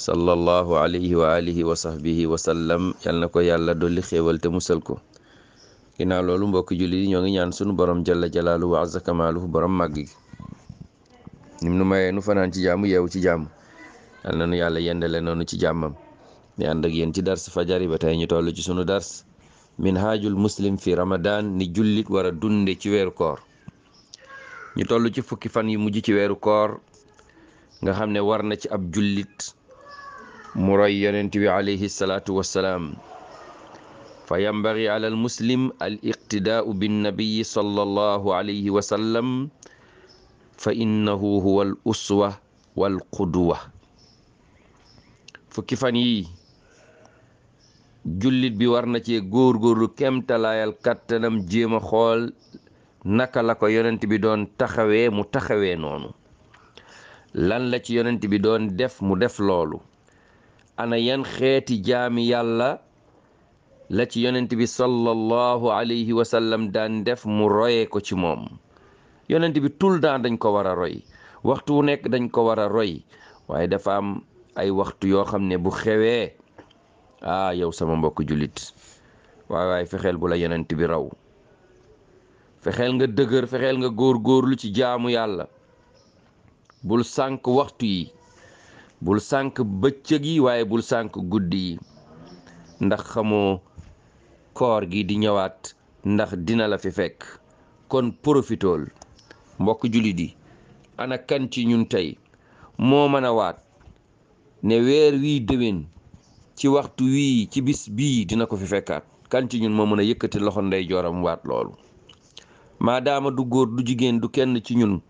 sallallahu alayhi wa alihi wa sahbihi wa sallam yal na ko yàlla dolli xéewal te musal ko ginnaaw loolu mbokki jullit yi ñoo ngi ñaan sunu borom jalla jalaaluhu wa azza kamaaluhu borom màgg gi nim nu mayee nu fanaan ci jàmm yeewu ci jàmm yal na nu yàlla yendale noonu ci jàmmam di ànd ak yéen ci dars fajari ba tey ñu toll ci sunu dars minhaajul muslim fi ramadan ni jullit war a dunde ci weeru koor ñu toll ci fukki fan yi mujj ci weeru koor nga xam ne war na ci ab jullit mu roy yonent bi alayhi salaatu wassalaam fa yambagi ala al muslim al iqtidaau binnabiyi alayhi wa fa innahu huwa al uswa wal qudwa fukki fan yi jullit bi war na cee góorgóorlu kemtalaayal kàttanam jéem a xool naka la ko yonent bi doon taxawee mu taxawee noonu lan la ci yonent bi doon def mu def loolu ana yan xeeti jaami yàlla la ci yonent bi sallallahu alayhi sallam daan def mu royee ko ci moom yonent bi tout le temps dañ ko war a roy waxtu wu nekk dañ ko war a roy waaye dafa am ay waxtu yoo xam ne bu xewee ah yow sama mbokk jullit waaye waaye fexeel bu la yonent bi raw fexeel nga dëgër fexeel nga góor góorlu ci jaamu yàlla bul sànk waxtu yi bul sànk bëccëg yi waaye bul sànk guddi yi ndax xamoo koor gi di ñëwaat ndax dina la fi fekk kon profitool mbokk jullit yi ana kan ci ñun tey moo mën a waat ne weer wii déwén ci waxtu wii ci bis bii dina ko fi fekkaat kan ci ñun moo mën a yëkkati loxo ndey waat loolu maadaama du góor du jigéen du kenn ci ñun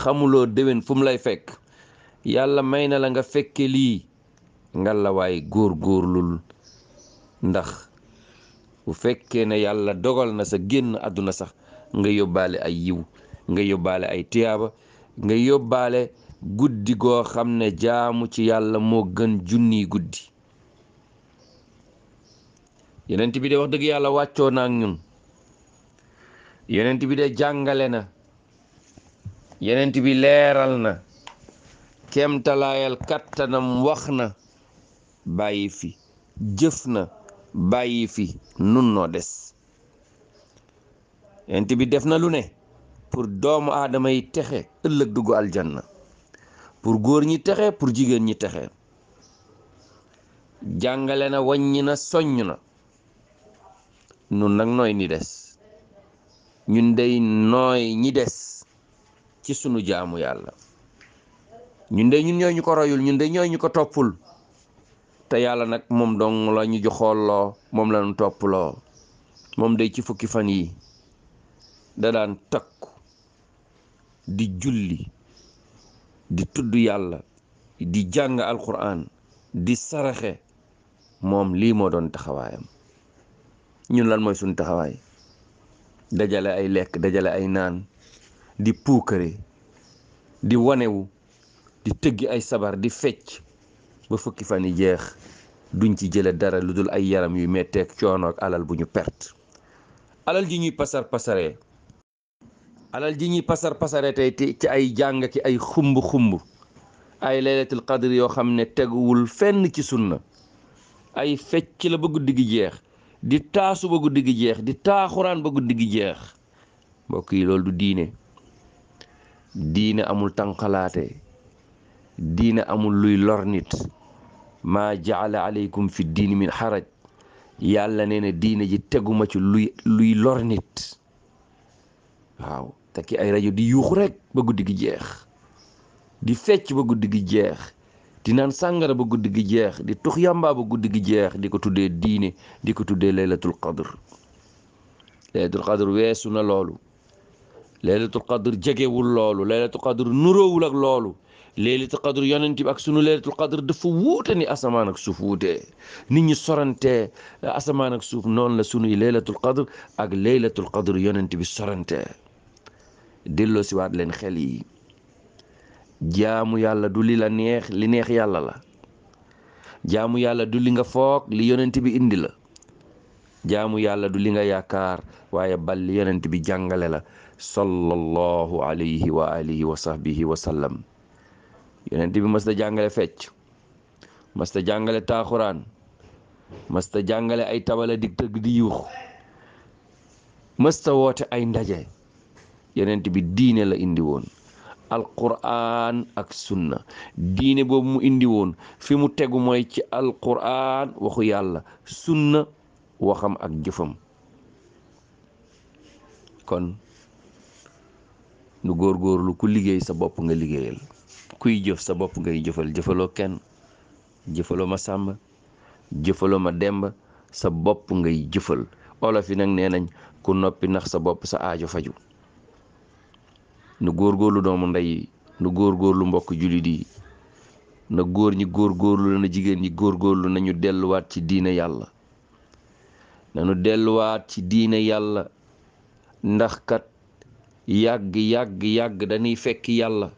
xamuloo déwén fu lay fekk yàlla may na la nga fekke lii nga la waay góor góorlul ndax bu fekkee ne yàlla dogal na sa génn àdduna sax nga yóbbaale ay yiw nga yóbbaale ay tiyaaba nga yóbbaale guddi goo xam ne jaamu ci yàlla moo gën junni guddi yonent bi de wax dëgg yàlla wàccoo na ak ñun yonent bi de jàngale na yonent bi leeral na kemtalaayal kàttanam wax na bàyyi fi jëf na bàyyi fi nun noo des int bi def na lu ne pour doomu aadama yi texe ëllëg dugg aljanna pour góor ñi texe pour jigéen ñi texe jàngale na waññi na soññ na nun nag nooy ni des ñun dey nooy ñi des ci sunu jaamu yàlla ñun de ñun ñooy ñu ko royul ñun de ñooy ñu ko toppul te yàlla nag moom dong la ñu joxooloo moom lañu ñu toppaloo moom day ci fukki fan yi da daan takku di julli di tudd yàlla di jàng alxuraan di saraxe moom lii moo doon taxawaayam ñun lan mooy suñu taxawaay dajale ay lekk dajale ay naan di puukare di wanewu di tëggi ay sabar di fecc ba fukki fan yi jeex duñ ci jële dara lu dul ay yaram yu metteeg coono ak alal bu ñu perte alal ji ñuy pasar pasaree ñuy pasar pasaree tey ci ay jàng ki ay xumb xumb ay laylatul qadr yoo xam ne teguwul fenn ci sunna ay fecc la ba guddi jeex di taasu ba guddi jeex di taaxuraan ba guddi gi jeex mbokk yi loolu du diine diine amul tànqalaate diina amul luy lor nit maa jaala aleykum fi diini min xaraj yàlla nee na diina ji teguma ci luy luy lor nit waaw takki ay rajo di yuuxu rekk ba guddi gi jeex di fecc ba guddi gi jeex di naan sàngara ba guddi gi jeex di tux yàmbaa ba guddi gi jeex di ko tuddee diine di ko tuddee laylatul qadr laylatul qadr weesu na loolu tu qadr jegewul loolu laylatul qadr nuróowul ak loolu leelatu qadr yonent bi ak sunu leelatul qadr dafa wuute ni asamaan ak suuf wuute nit ñi sorante eh, asamaan ak suuf noonu la sunuy leelatul qadr ak leelatul qadr yonent bi sorante delloo leen xel yi jaamu yàlla du li la li neex yàlla la jaamu yàlla du li nga foog li yonent bi indi la jaamu yàlla du li nga yaakaar waaye bal li yonent bi jàngale la sallallahu alayhi wa alihi wa sahbihi wa sallam yonent bi mas ta jàngale fecc mas jàngale taaxuraan mas jàngale ay tabala dig tëgg di yuux mas woote ay ndaje yonent bi diine la indi woon alquran ak sunna diine boobu mu indi woon fi mu tegu mooy ci alquran waxu yàlla sunna waxam ak jëfam kon nu góor góorgóorlu ku liggéey sa bopp nga liggéeyal kuy jëf sa bopp ngay jëfal jëfaloo kenn jëfaloo ma sàmm jëfaloo ma demb sa bopp ngay jëfal olof yi nag nee nañ ku noppi ndax sa bopp sa aajo faju nu góorlu doomu ndey nu góorgóorlu mbokk jullit yi na góor ñi góor góorgóorlu na jigéen ñi góor góorlu nañu delluwaat ci diine yàlla nañu delluwaat ci diina yàlla ndax kat yàgg yàgg yàgg dañuy fekk yàlla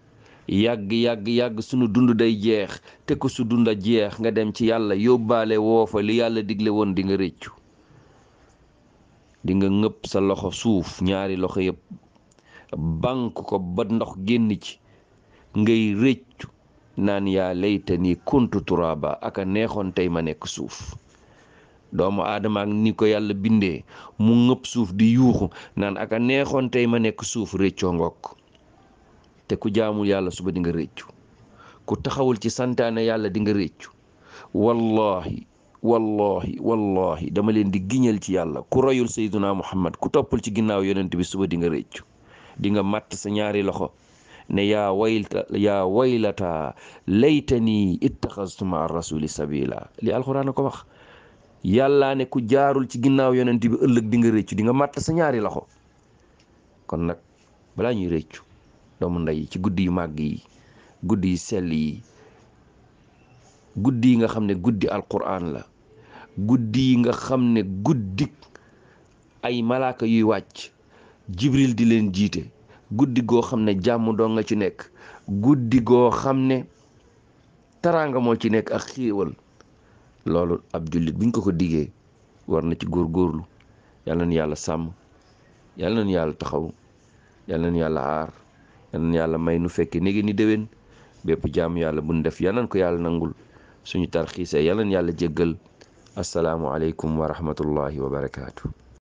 yàgg yàgg yàgg sunu dund day jeex te ko su dund a jeex nga dem ci yàlla yóbbaale woofa li yàlla digle woon dinga rëccu dinga nga ngëpp sa loxo suuf ñaari loxo yëpp bànk ko ba ndox génn ci ngay rëccu naan yaa layta ni kuntu turaaba ak a neexoon tey ma nekk suuf doomu aadama ni ko yàlla bindee mu ngëpp suuf di yuuxu naan ak a neexoon tey ma nekk suuf rëccoo ngokk te ku jaamul yàlla suba di nga ku taxawul ci santaane yàlla di nga réccu wallahi wallahi wallahi dama leen di giñal ci yàlla ku royul sayduna muhammad ku toppul ci ginnaaw yonent bi suba di nga réccu di nga màtt sa ñaari loxo ne yaa waylta yaa waylata laytani ittaxastu ma rasuli ko wax yàllaa ne ku jaarul ci ginnaaw yonent bi ëllëg nga réccu di nga màtt sa ñaari loxo kon nag balaa ñuy réccu doomu ndey ci guddi yu màgg yi guddi yu sell yi guddi yi nga xam ne guddi alquran la guddi yi nga xam ne guddik ay malaaka yuy wàcc jibril di leen jiite guddi goo xam ne jàmm doo nga ci nekk guddi goo xam ne taraanga moo ci nekk ak xiiwal loolu ab jullit buñ ko ko diggee war na ci góorgóorlu yàlla na yàlla sàmm yàlla na yàlla taxaw yàlla na yàlla aar yal yàlla may nu fekkee néegi ni déwén bépp jaamu yàlla bu nu def yal nañ ko yàlla nangul suñu tarxiisee yal nañ yàlla jéggal asalaamualeykum aleykum rahmatullahi wa barakaatu.